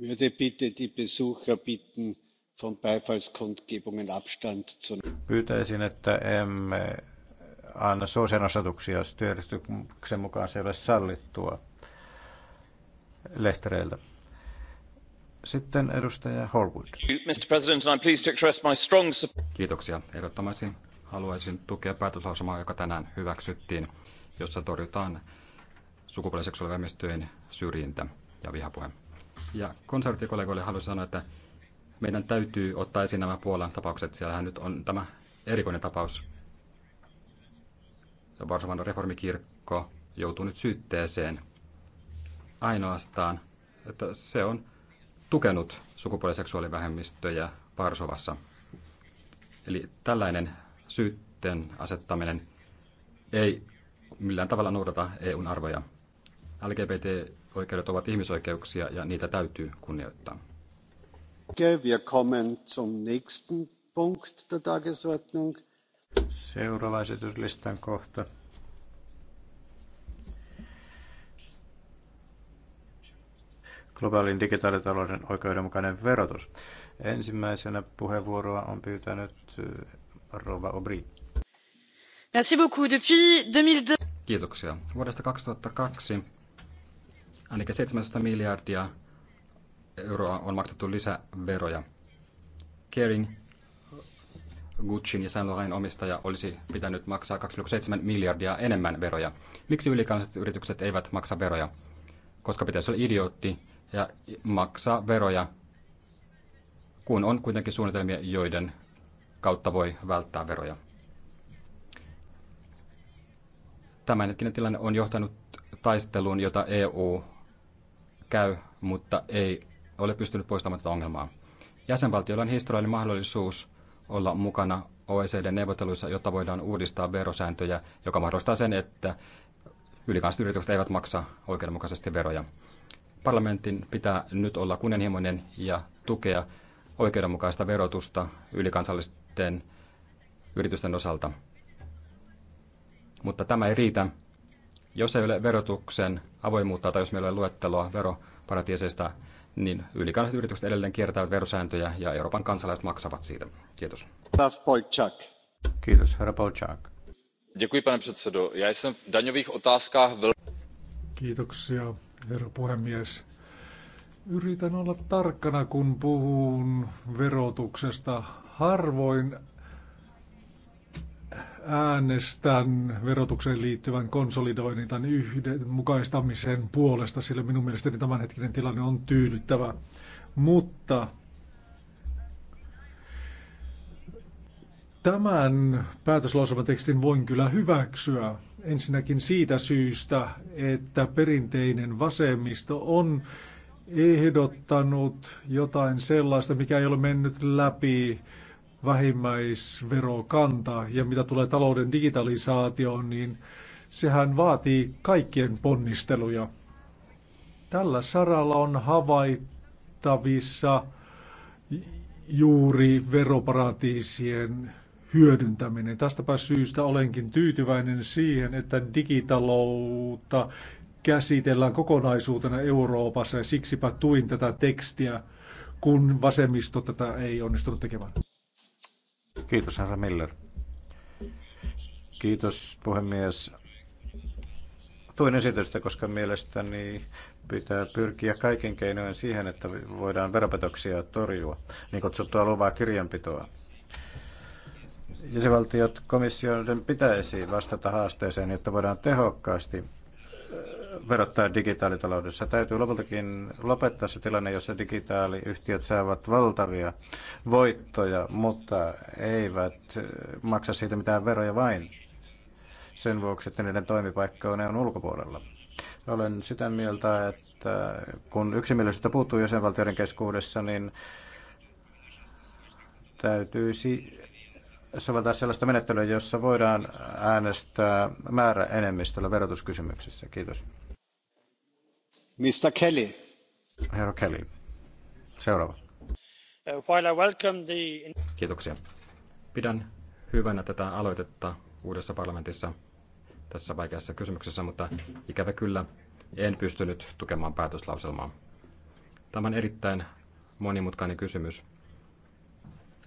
würde bitte die besucher bitten von beifallskundgebungen abstand zu nehmen. Pyytäisin, että emme anna suosionosoituksia, jos työjärjestyksen mukaan se ei ole sallittua lehtereiltä. Sitten edustaja Horwood. Mr. President, I'm pleased to express my strong Kiitoksia. Ehdottomasti haluaisin tukea päätöslausumaa, joka tänään hyväksyttiin, jossa torjutaan sukupuoli- ja syrjintä ja vihapuhe. Ja konservatiivikollegoille haluaisin sanoa, että meidän täytyy ottaa esiin nämä Puolan tapaukset. Siellähän nyt on tämä erikoinen tapaus. Varsovan reformikirkko joutuu nyt syytteeseen ainoastaan, että se on tukenut sukupuoli- ja seksuaalivähemmistöjä Varsovassa. Eli tällainen syytteen asettaminen ei millään tavalla noudata EUn arvoja. LGBT Ihmisoikeudet ovat ihmisoikeuksia ja niitä täytyy kunnioittaa. Wir kommen zum nächsten Punkt der Tagesordnung. Seuraava esityslistan kohta. globaalin digitaalitalouden oikeudenmukainen verotus. Ensimmäisenä puheenvuoroa on pyytänyt eh, Rova Obri. Merci beaucoup. Depuis 2002... Kiitoksia. Vuodesta 2002 Eli 700 miljardia euroa on maksettu lisäveroja. Kering, Gucciin ja Saint Laurent omistaja olisi pitänyt maksaa 2,7 miljardia enemmän veroja. Miksi ylikansalliset yritykset eivät maksa veroja? Koska pitäisi olla idiootti ja maksaa veroja, kun on kuitenkin suunnitelmia, joiden kautta voi välttää veroja. Tämänhetkinen tilanne on johtanut taisteluun, jota EU käy, mutta ei ole pystynyt poistamaan tätä ongelmaa. Jäsenvaltioilla on historiallinen mahdollisuus olla mukana OECD-neuvotteluissa, jotta voidaan uudistaa verosääntöjä, joka mahdollistaa sen, että ylikansalliset yritykset eivät maksa oikeudenmukaisesti veroja. Parlamentin pitää nyt olla kunnianhimoinen ja tukea oikeudenmukaista verotusta ylikansallisten yritysten osalta. Mutta tämä ei riitä, jos ei ole verotuksen avoimuutta tai jos meillä ei ole luetteloa veroparatiiseista, niin ylikansalliset yritykset edelleen kiertävät verosääntöjä ja Euroopan kansalaiset maksavat siitä. Kiitos. Kiitos, herra Polchak. Děkuji, pane předsedo. Já jsem v daňových otázkách vel... Kiitoksia, herra puhemies. Yritän olla tarkkana, kun puhun verotuksesta. Harvoin äänestän verotukseen liittyvän konsolidoinnin tai yhdenmukaistamisen puolesta, sillä minun mielestäni tämänhetkinen tilanne on tyydyttävä. Mutta tämän päätöslausumatekstin voin kyllä hyväksyä. Ensinnäkin siitä syystä, että perinteinen vasemmisto on ehdottanut jotain sellaista, mikä ei ole mennyt läpi vähimmäisverokanta. Ja mitä tulee talouden digitalisaatioon, niin sehän vaatii kaikkien ponnisteluja. Tällä saralla on havaittavissa juuri veroparatiisien hyödyntäminen. Tästäpä syystä olenkin tyytyväinen siihen, että digitaloutta käsitellään kokonaisuutena Euroopassa ja siksipä tuin tätä tekstiä, kun vasemmisto tätä ei onnistunut tekemään. Kiitos, herra Miller. Kiitos, puhemies. Tuin esitystä, koska mielestäni pitää pyrkiä kaiken keinoin siihen, että voidaan veropetoksia torjua, niin kutsuttua luvaa kirjanpitoa. Jäsenvaltiot komissioiden pitäisi vastata haasteeseen, jotta voidaan tehokkaasti verottaa digitaalitaloudessa. Täytyy lopultakin lopettaa se tilanne, jossa digitaaliyhtiöt saavat valtavia voittoja, mutta eivät eh, maksa siitä mitään veroja vain sen vuoksi, että niiden toimipaikka on EUn ulkopuolella. Olen sitä mieltä, että kun yksimielisyyttä puuttuu jäsenvaltioiden keskuudessa, niin täytyisi soveltaa sellaista menettelyä, jossa voidaan äänestää määräenemmistöllä verotuskysymyksissä. Kiitos. Herra Kelly. Seuraava. Uh, Pidän hyvänä tätä aloitetta uudessa parlamentissa tässä vaikeassa kysymyksessä, mutta ikävä kyllä en pystynyt tukemaan päätöslauselmaa. Tämä on erittäin monimutkainen kysymys.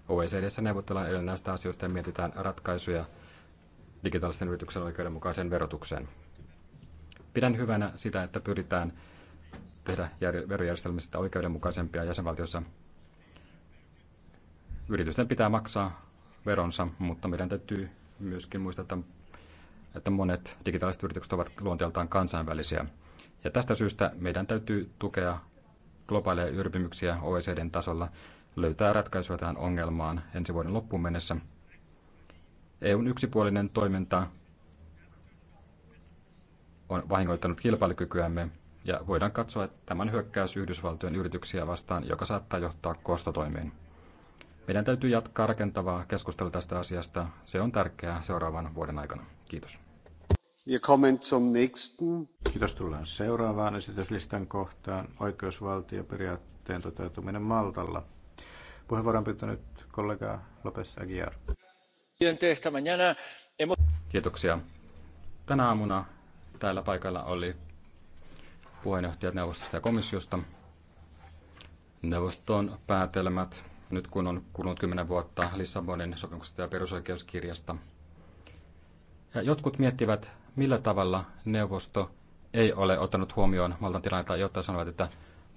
OECDssä neuvotellaan edelleen näistä asioista ja mietitään ratkaisuja digitaalisten yrityksen oikeudenmukaiseen verotukseen. Pidän hyvänä sitä, että pyritään tehdä verojärjestelmistä oikeudenmukaisempia jäsenvaltiossa. Yritysten pitää maksaa veronsa, mutta meidän täytyy myöskin muistaa, että, että monet digitaaliset yritykset ovat luonteeltaan kansainvälisiä. Ja tästä syystä meidän täytyy tukea globaaleja yrpimyksiä OECDn tasolla löytää ratkaisuja tähän ongelmaan ensi vuoden loppuun mennessä. EUn yksipuolinen toiminta on vahingoittanut kilpailukykyämme ja voidaan katsoa, että tämän hyökkäys Yhdysvaltojen yrityksiä vastaan, joka saattaa johtaa kostotoimiin. Meidän täytyy jatkaa rakentavaa keskustelua tästä asiasta. Se on tärkeää seuraavan vuoden aikana. Kiitos. Kiitos. Tullaan seuraavaan esityslistan kohtaan. Oikeusvaltioperiaatteen toteutuminen Maltalla. Puheenvuoron pitää nyt kollega Lopes Aguiar. Kiitoksia. Tänä aamuna täällä paikalla oli puheenjohtajat neuvostosta ja komissiosta. Neuvoston päätelmät, nyt kun on kulunut 10 vuotta Lissabonin sopimuksesta ja perusoikeuskirjasta. Ja jotkut miettivät, millä tavalla neuvosto ei ole ottanut huomioon Maltan tilannetta, jotta sanovat, että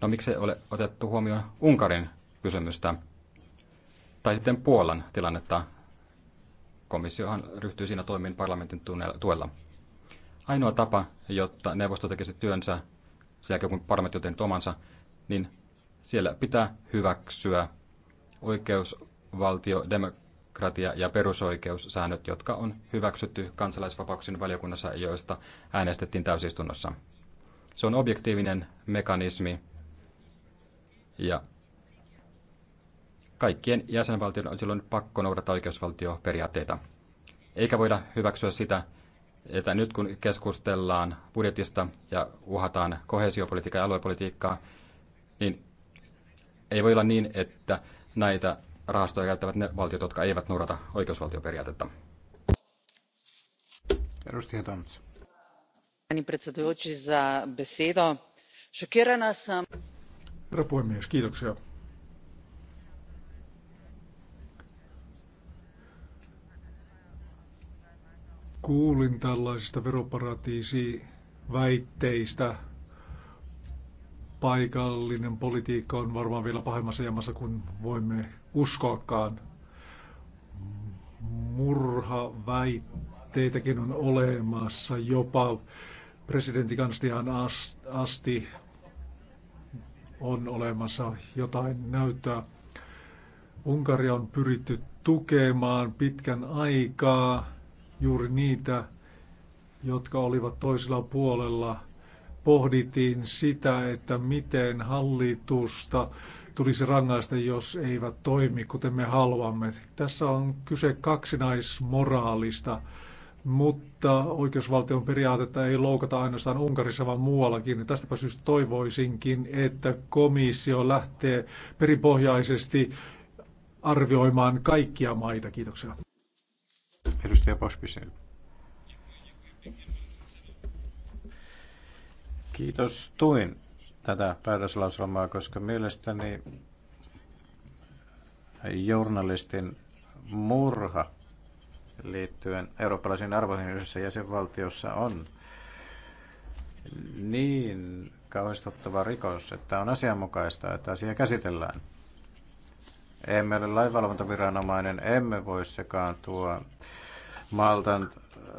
no miksei ole otettu huomioon Unkarin kysymystä tai sitten Puolan tilannetta. Komissiohan ryhtyy siinä toimiin parlamentin tuella. Ainoa tapa, jotta neuvosto tekisi työnsä sen jälkeen kun parlamentti on tehnyt omansa, niin siellä pitää hyväksyä oikeusvaltio, demokratia ja perusoikeussäännöt, jotka on hyväksytty kansalaisvapauksien valiokunnassa, joista äänestettiin täysistunnossa. Se on objektiivinen mekanismi ja kaikkien jäsenvaltioiden on silloin pakko noudata oikeusvaltioperiaatteita. Eikä voida hyväksyä sitä, että nyt kun keskustellaan budjetista ja uhataan kohesiopolitiikkaa ja aluepolitiikkaa, niin ei voi olla niin, että näitä rahastoja käyttävät ne valtiot, jotka eivät noudata oikeusvaltioperiaatetta. Edustaja Tomts. Herra puhemies, kiitoksia. kuulin tällaisista veroparatiisiväitteistä. Paikallinen politiikka on varmaan vielä pahemmassa jamassa kuin voimme uskoakaan. Murhaväitteitäkin on olemassa jopa presidenttikansliaan asti on olemassa jotain näyttöä. Unkaria on pyritty tukemaan pitkän aikaa juuri niitä, jotka olivat toisella puolella. Pohdittiin sitä, että miten hallitusta tulisi rangaista, jos eivät toimi, kuten me haluamme. Tässä on kyse kaksinaismoraalista, mutta oikeusvaltion periaatetta ei loukata ainoastaan Unkarissa, vaan muuallakin. Tästäpä syystä toivoisinkin, että komissio lähtee perinpohjaisesti arvioimaan kaikkia maita. Kiitoksia. Edustaja Pospisil. Kiitos. Tuin tätä päätöslauselmaa, koska mielestäni journalistin murha liittyen eurooppalaisiin arvoihin yhdessä jäsenvaltiossa on niin kauhistuttava rikos, että on asianmukaista, että asia käsitellään. Emme ole lainvalvontaviranomainen, emme voi sekaantua Maltan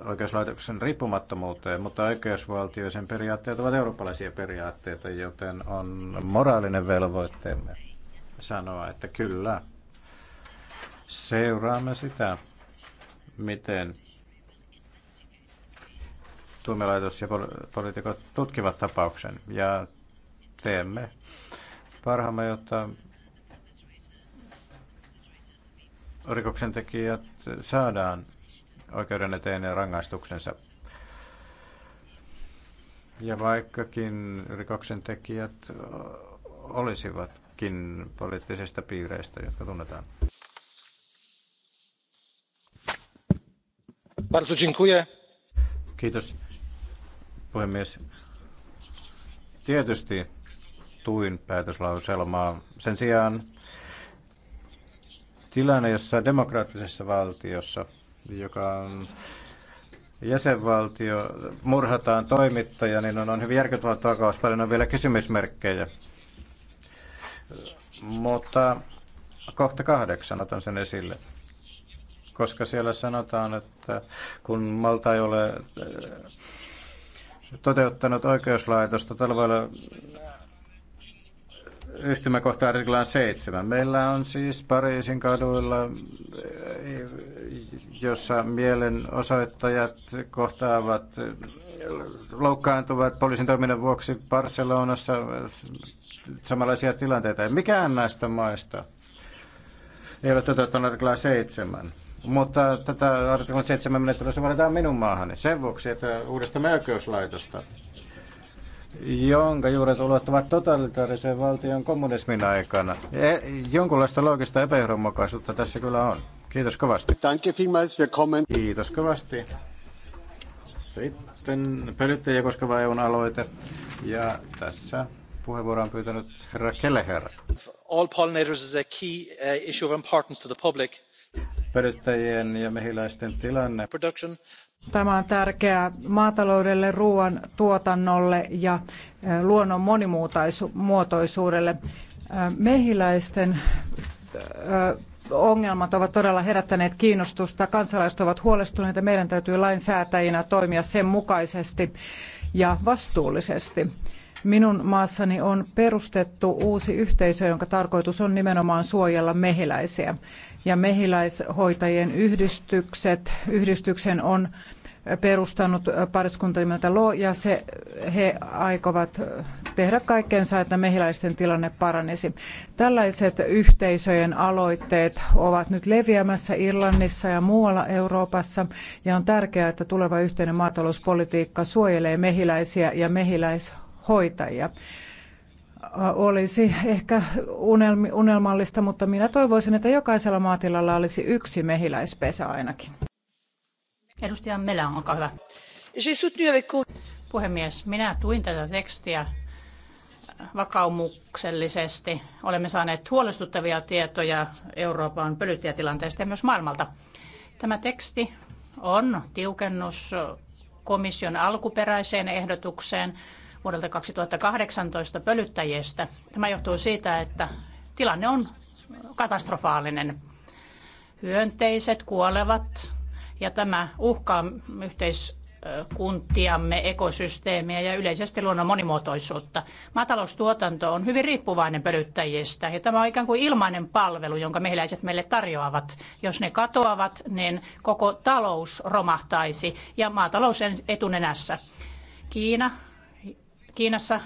äh, oikeuslaitoksen riippumattomuuteen, mutta oikeusvaltio ja sen periaatteet ovat eurooppalaisia periaatteita, joten on moraalinen velvoitteemme sanoa, että kyllä, seuraamme sitä, miten tuomilaitos ja poliitikot tutkivat tapauksen ja teemme parhaamme, jotta rikoksentekijät saadaan oikeuden eteen ja rangaistuksensa. Ja vaikkakin rikoksen tekijät olisivatkin poliittisista piireistä, jotka tunnetaan. Bardzo dziękuję. Kiitos, puhemies. Tietysti tuin päätöslauselmaa. Sen sijaan tilanne, jossa demokraattisessa valtiossa joka on jäsenvaltio, murhataan toimittaja, niin on, on hyvin järkyttävä takaus. Paljon on vielä kysymysmerkkejä. Mutta kohta kahdeksan otan sen esille. Koska siellä sanotaan, että kun Malta ei ole äh, toteuttanut oikeuslaitosta talvella yhtymäkohta artiklaan 7. Meillä on siis Pariisin kaduilla, jossa mielenosoittajat kohtaavat, loukkaantuvat poliisin toiminnan vuoksi Barcelonassa samanlaisia tilanteita. Mikään näistä maista ei ole toteuttanut artiklaa 7. Mutta tätä artiklan 7 menettelyä sovelletaan minun maahani sen vuoksi, että uudesta oikeuslaitosta jonka juuret ulottuvat totalitaarisen valtion kommunismin aikana. E- jonkunlaista loogista epäjohdonmukaisuutta tässä kyllä on. Kiitos kovasti. Danke vielmals, wir kommen. Kiitos kovasti. Sitten pölyttäjiä koskeva EUn aloite. Ja tässä puheenvuoro on pyytänyt herra Kelleher. All pollinators is a key uh, issue of importance to the public. Pölyttäjien ja mehiläisten tilanne. Production Tämä on tärkeää maataloudelle, ruoan tuotannolle ja luonnon monimuotoisuudelle. Mehiläisten ongelmat ovat todella herättäneet kiinnostusta. Kansalaiset ovat huolestuneita. Meidän täytyy lainsäätäjinä toimia sen mukaisesti ja vastuullisesti. Minun maassani on perustettu uusi yhteisö, jonka tarkoitus on nimenomaan suojella mehiläisiä. Ja mehiläishoitajien yhdistykset, yhdistyksen on perustanut pariskunta nimeltä Lo, ja se, he aikovat tehdä kaikkensa, että mehiläisten tilanne paranisi. Tällaiset yhteisöjen aloitteet ovat nyt leviämässä Irlannissa ja muualla Euroopassa, ja on tärkeää, että tuleva yhteinen maatalouspolitiikka suojelee mehiläisiä ja mehiläishoitajia olisi ehkä unelmallista, mutta minä toivoisin, että jokaisella maatilalla olisi yksi mehiläispesä ainakin. Edustaja Melän, olkaa hyvä. Puhemies, minä tuin tätä tekstiä äh, vakaumuksellisesti. Olemme saaneet huolestuttavia tietoja Euroopan pölyttäjätilanteesta ja myös maailmalta. Tämä teksti on tiukennus komission alkuperäiseen ehdotukseen vuodelta 2018 pölyttäjistä. Tämä johtuu siitä, että tilanne on katastrofaalinen. Hyönteiset kuolevat ja tämä uhkaa yhteiskuntiamme, ekosysteemiä ja yleisesti luonnon monimuotoisuutta. Maataloustuotanto on hyvin riippuvainen pölyttäjistä ja tämä on ikään kuin ilmainen palvelu, jonka mehiläiset meille tarjoavat. Jos ne katoavat, niin koko talous romahtaisi ja maatalous etunenässä. Kiina, Kiinassa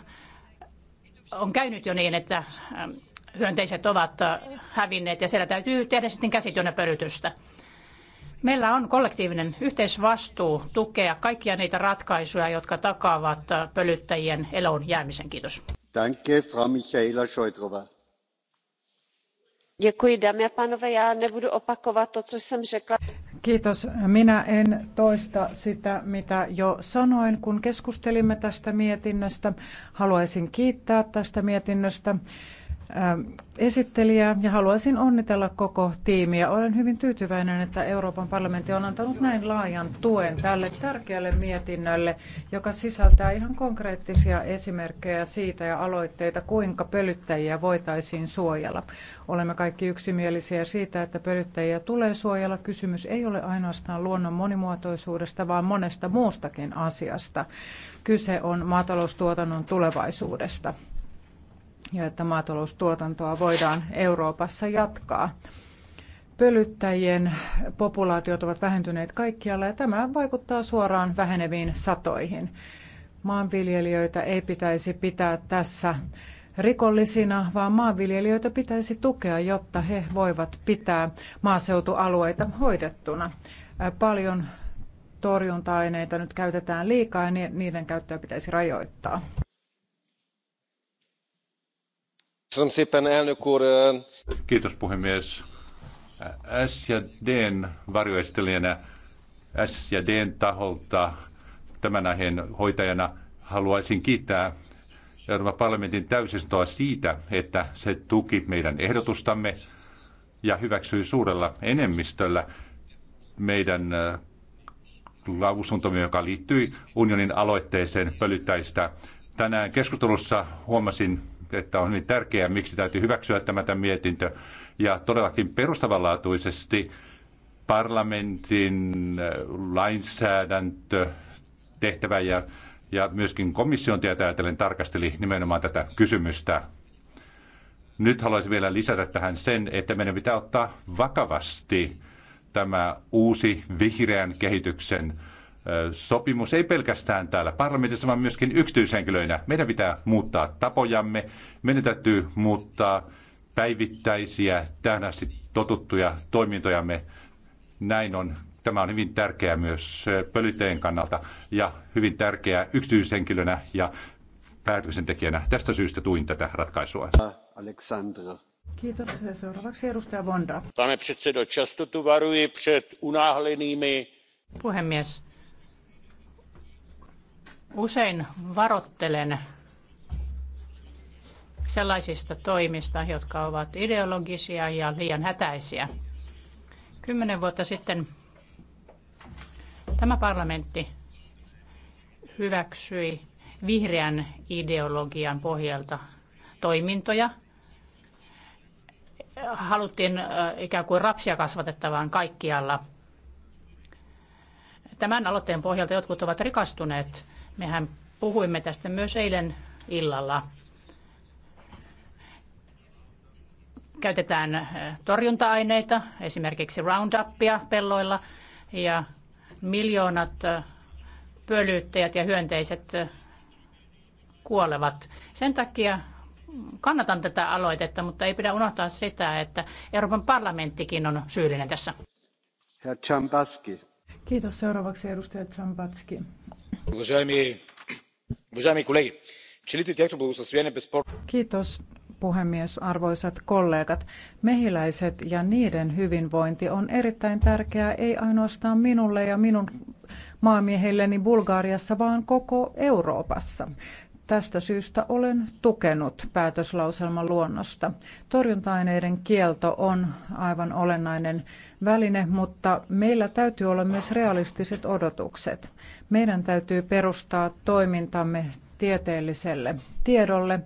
on käynyt jo niin, että hyönteiset ovat äh, hävinneet ja siellä täytyy tehdä sitten käsityönä pölytystä. Meillä on kollektiivinen yhteisvastuu tukea kaikkia niitä ratkaisuja, jotka takaavat äh, pölyttäjien eloonjäämisen jäämisen. Kiitos. Danke, Frau Michaela Šojdrová. Děkuji, dámy a pánové, já nebudu opakovat to, co jsem řekla. Kiitos. Minä en toista sitä, mitä jo sanoin, kun keskustelimme tästä mietinnöstä. Haluaisin kiittää tästä mietinnöstä. Ähm, esittelijää ja haluaisin onnitella koko tiimiä. Olen hyvin tyytyväinen, että Euroopan parlamentti on antanut näin laajan tuen tälle tärkeälle mietinnölle, joka sisältää ihan konkreettisia esimerkkejä siitä ja aloitteita, kuinka pölyttäjiä voitaisiin suojella. Olemme kaikki yksimielisiä siitä, että pölyttäjiä tulee suojella. Kysymys ei ole ainoastaan luonnon monimuotoisuudesta, vaan monesta muustakin asiasta. Kyse on maataloustuotannon tulevaisuudesta ja että maataloustuotantoa voidaan Euroopassa jatkaa. Pölyttäjien populaatiot ovat vähentyneet kaikkialla ja tämä vaikuttaa suoraan väheneviin satoihin. Maanviljelijöitä ei pitäisi pitää tässä rikollisina, vaan maanviljelijöitä pitäisi tukea, jotta he voivat pitää maaseutualueita hoidettuna. Paljon torjunta-aineita nyt käytetään liikaa ja niiden käyttöä pitäisi rajoittaa. Kiitos puhemies. S ja Dn varjoistelijana, S ja Dn taholta tämän aiheen hoitajana haluaisin kiittää Euroopan parlamentin täysistuntoa siitä, että se tuki meidän ehdotustamme ja hyväksyi suurella enemmistöllä meidän äh, lausuntomme, joka liittyi unionin aloitteeseen pölyttäjistä. Tänään keskustelussa huomasin että on niin tärkeää, miksi täytyy hyväksyä tämä, tämä mietintö. Ja todellakin perustavanlaatuisesti parlamentin äh, lainsäädäntö tehtävä ja, ja myöskin komission tietä ajatellen tarkasteli nimenomaan tätä kysymystä. Nyt haluaisin vielä lisätä tähän sen, että meidän pitää ottaa vakavasti tämä uusi vihreän kehityksen sopimus ei pelkästään täällä parlamentissa, vaan myöskin yksityishenkilöinä. Meidän pitää muuttaa tapojamme, meidän täytyy muuttaa päivittäisiä, tähän asti totuttuja toimintojamme. Näin on. Tämä on hyvin tärkeää myös pölyteen kannalta ja hyvin tärkeää yksityishenkilönä ja päätöksentekijänä. Tästä syystä tuin tätä ratkaisua. Aleksandra. Kiitos. Seuraavaksi edustaja Vondra. Pane předsedo, často tu varuji před unáhlenými... Puhemies, Usein varottelen sellaisista toimista, jotka ovat ideologisia ja liian hätäisiä. Kymmenen vuotta sitten tämä parlamentti hyväksyi vihreän ideologian pohjalta toimintoja. Haluttiin ikään kuin rapsia kasvatettavaan kaikkialla. Tämän aloitteen pohjalta jotkut ovat rikastuneet Mehän puhuimme tästä myös eilen illalla. Käytetään eh, torjunta-aineita, esimerkiksi Roundupia pelloilla, ja miljoonat eh, pölyttäjät ja hyönteiset eh, kuolevat. Sen takia kannatan tätä aloitetta, mutta ei pidä unohtaa sitä, että Euroopan parlamenttikin on syyllinen tässä. Herr Chambaski. Kiitos. Seuraavaksi edustaja Czambatski. Kiitos puhemies, arvoisat kollegat. Mehiläiset ja niiden hyvinvointi on erittäin tärkeää ei ainoastaan minulle ja minun maamiehelleni Bulgariassa, vaan koko Euroopassa. Tästä syystä olen tukenut päätöslauselman luonnosta. Torjunta-aineiden kielto on aivan olennainen väline, mutta meillä täytyy olla myös realistiset odotukset. Meidän täytyy perustaa toimintamme tieteelliselle tiedolle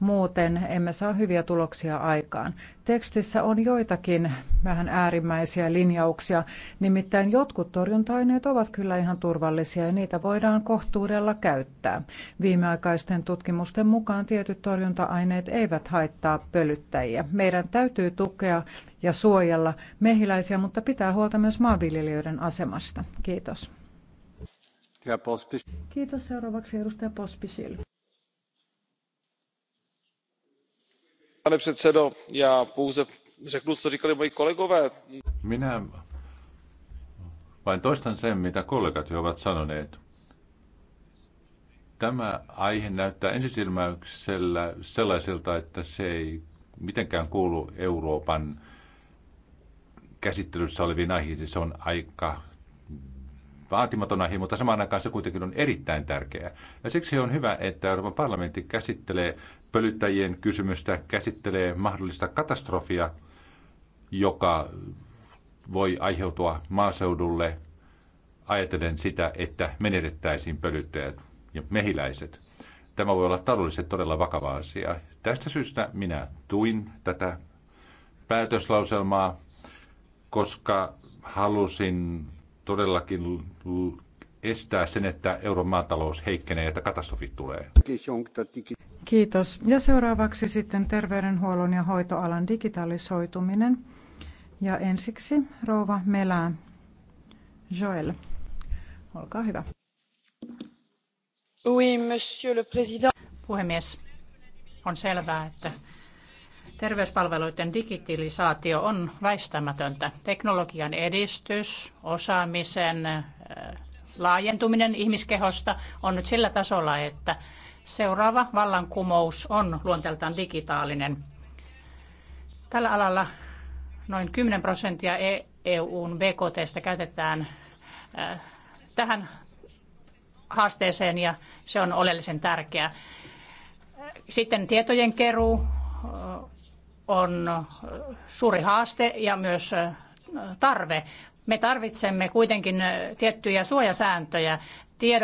Muuten emme saa hyviä tuloksia aikaan. Tekstissä on joitakin vähän äärimmäisiä linjauksia, nimittäin jotkut torjunta-aineet ovat kyllä ihan turvallisia ja niitä voidaan kohtuudella käyttää. Viimeaikaisten tutkimusten mukaan tietyt torjunta-aineet eivät haittaa pölyttäjiä. Meidän täytyy tukea ja suojella mehiläisiä, mutta pitää huolta myös maanviljelijöiden asemasta. Kiitos. Kiitos. Seuraavaksi edustaja Pospisil. pane předsedající já pouze řeknu co říkali moji kollegové. minä vain toistan sen mitä kollegat jo ovat sanoneet. Tämä aihe näyttää ensisilmäyksellä sellaiselta, että se ei mitenkään kuulu Euroopan käsittelyssä oleviin aiheisiin. Se on aika vaatimaton aihe, mutta samaan aikaan se kuitenkin on erittäin tärkeä. Ja siksi on hyvä, että Euroopan parlamentti käsittelee pölyttäjien kysymystä käsittelee mahdollista katastrofia, joka voi aiheutua maaseudulle ajatellen sitä, että menetettäisiin pölyttäjät ja mehiläiset. Tämä voi olla taloudellisesti todella vakava asia. Tästä syystä minä tuin tätä päätöslauselmaa, koska halusin todellakin estää sen, että euron maatalous heikkenee ja että tulee. Kiitos. Ja seuraavaksi sitten terveydenhuollon ja hoitoalan digitalisoituminen. Ja ensiksi rouva Melään Joel, olkaa hyvä. Oui, monsieur le président. Puhemies, on selvää, että terveyspalveluiden digitalisaatio on väistämätöntä. Teknologian edistys, osaamisen laajentuminen ihmiskehosta on nyt sillä tasolla, että Seuraava vallankumous on luonteeltaan digitaalinen. Tällä alalla noin 10 prosenttia e- EUn BKTstä käytetään äh, tähän haasteeseen ja se on oleellisen tärkeää. Sitten tietojen keruu äh, on suuri haaste ja myös äh, tarve. Me tarvitsemme kuitenkin tiettyjä suojasääntöjä. Tiedot